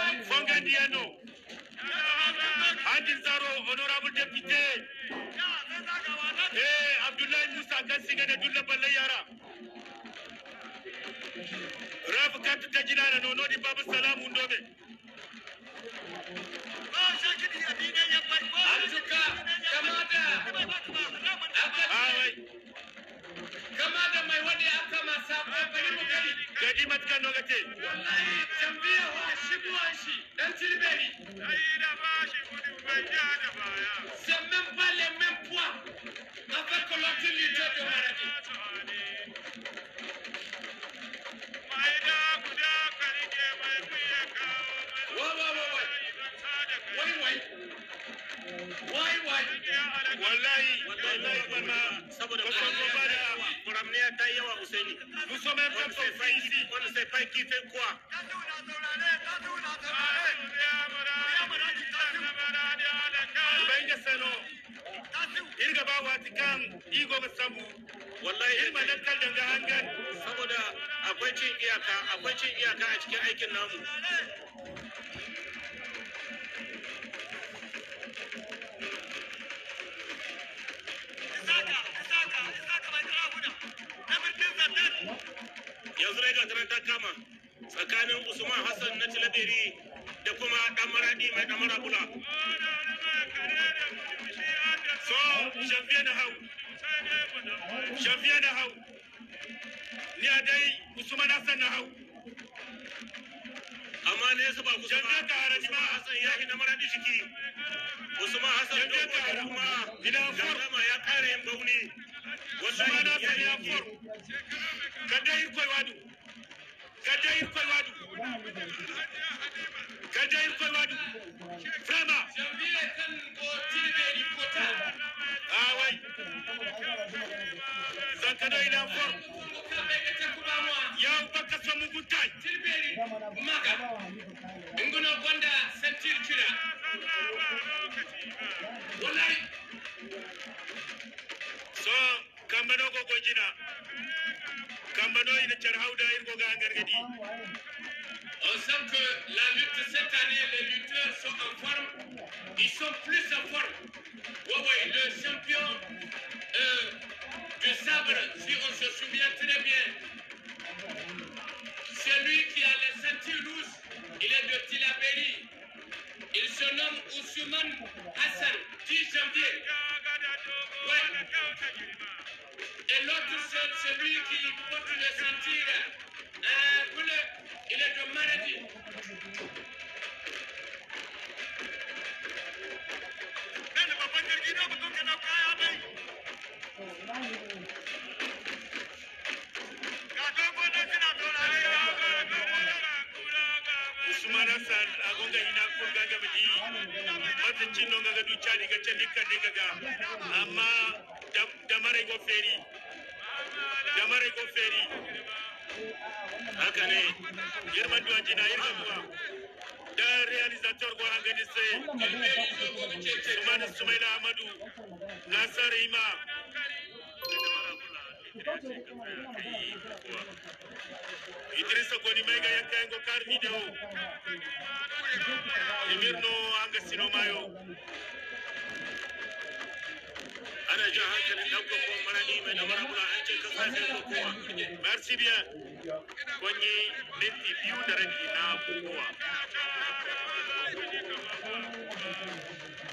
Fonga Diano, Hadin Zaro, Honorable Deputy, eh, Abdullahi Musa Gansiga da Dulla Ballayara. Rafi Katu ta gina da nono di Babu Salamu Ndobe. Kama da mai wani aka masa bari mu gani. Gadi matukan C'est même pas les mêmes poids de nous sommes on ne sait pas qui fait quoi gaba Vatican Igo Musamu wallahi saboda akwai cin iyaka akwai cin iyaka a cikin aikin namu yanzu dai gatanar ta kama tsakanin usman hassan na tilabiri da kuma dan maradi mai dan So, shafiya na hau. Shafiya na hau. Ni a dai Usman Hassan na hau. Amma ne yasa ba kusa ba. Shafiya ka haraji ma Hassan ya gina maradi shiki. Usman Hassan da kuma kuma ya kare yin bauni. Wasu ma na sani ya for. Ka dai kwaiwa gadai kwalwadu gadai kwalwadu frema awai ah, zankadai na for yau baka samu gutai maga inguna gwanda sentir kira wallahi so kamar gogo jina On sent que la lutte cette année, les lutteurs sont en forme, ils sont plus en forme. le champion euh, du sabre, si on se souvient très bien, celui qui a les ceintures rouges, il est de Tilaberi. Il se nomme Ousmane Hassan, 10 janvier. Et l'autre, c'est celui qui porte les ceinture euh, pour le, il est de maladie. usumana san agonga ina kunga ga bidi mata cinno ga ga ducha ni ga cendi kan ga amma da mare go feri jamare ko feri hakane ne girman ajina na irga kuwa da realizator ko hanga ni sumana sumaila amadu nasar ima idrissa goni mayga yakkayengo kar vidéo imirno hanga sino mayo ɗaukakon marani mai namarabula an ce kasa kai kokowa merci bien kun yi minti biyu da rabi na kokowa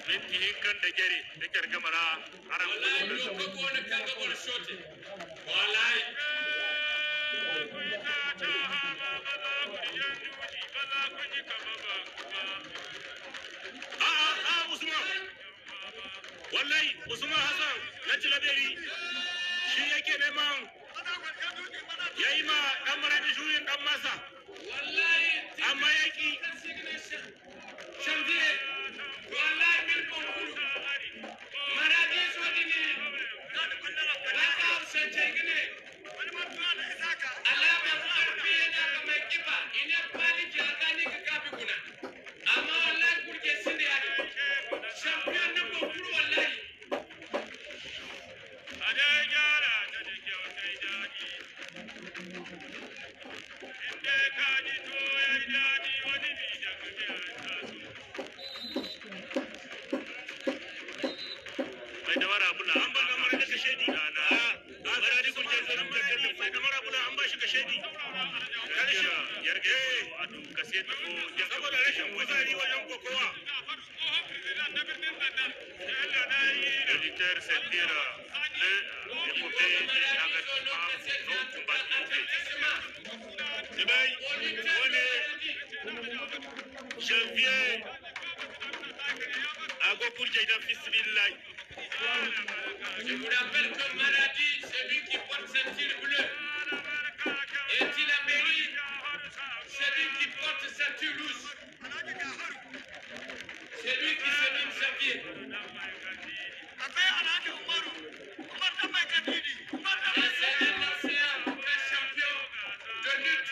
minti kan da gere da gargamara haram wallahi lokacin da kan gabar shotin wallahi wallahi usman hassan na tilaberi shi yake neman ya yi ma dan maradi juyin ɗan masa amma yaki can pour Je vous rappelle que maladie, lui qui porte sa tue bleue, Et il a Mairie Celui qui porte sa ceinture C'est lui qui se dit Xavier. C'est un champion de lutte.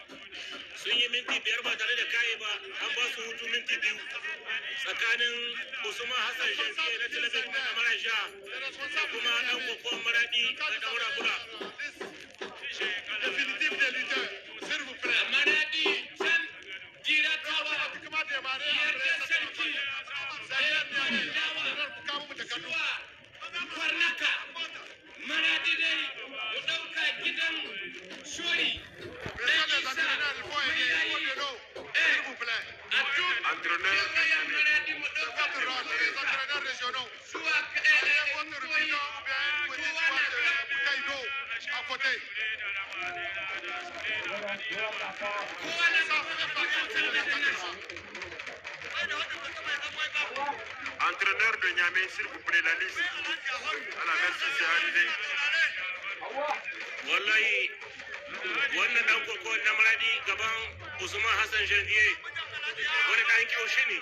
sun yi minti biyar ba tare da kaye ba an ba su hutu minti biyu tsakanin usman hassan shafiya na talabijin na kamar sha da kuma dan kwakwan maradi na daura bula Entraîneur de Niamey, s'il vous plaît, la liste. À la merci, c'est arrivé. Wallahi, wannan dan na gaban Usman Hassan Janvier, wani ɗan kyaushe ne.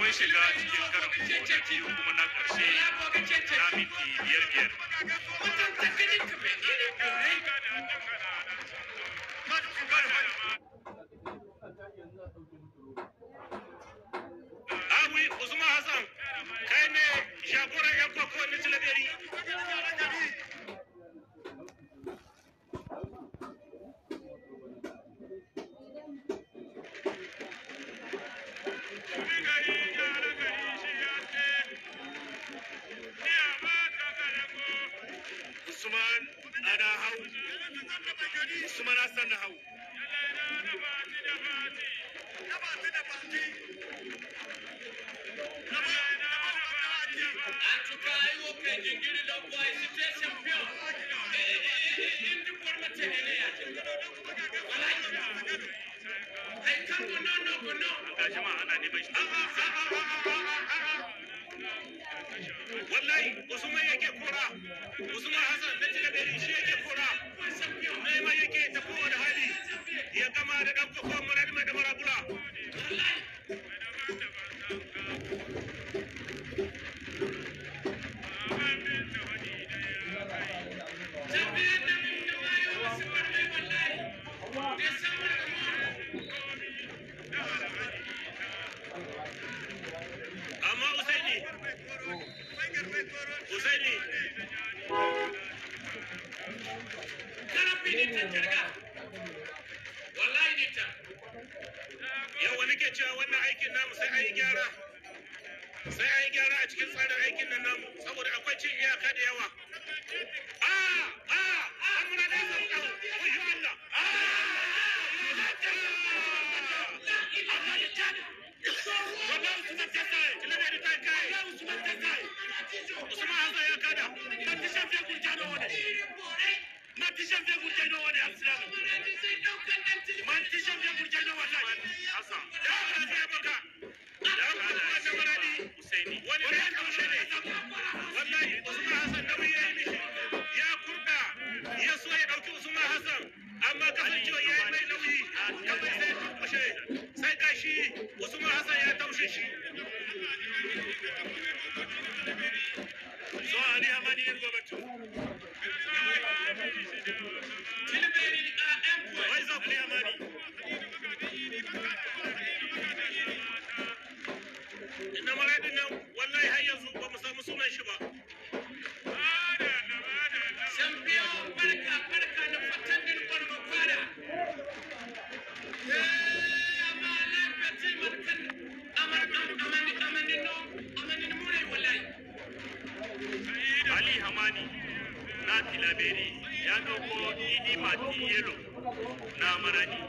mun shiga cikin karin kuku na biyu kuma na ƙarshe na minti biyar biyar. Awi Usman Hassan kai ne jagoran 'yan kwakwa na Tilaberi. usman hassan na hau Ai, kan gono, no, gono. Ga jama'a ana shi. Ah, ah, ah, wallahi usman yake kora usman hassan da cika da shi yake kora nema yake ta da hali ya gama da ɗan kwakwan murad mai da marabula yawa nake cewa wannan aikin namu sai an yi gyara sai an yi gyara a cikin tsarin aikin nan namu saboda akwai cin iyaka da yawa tilaberi ya ɗauko idi mati yelo na maradi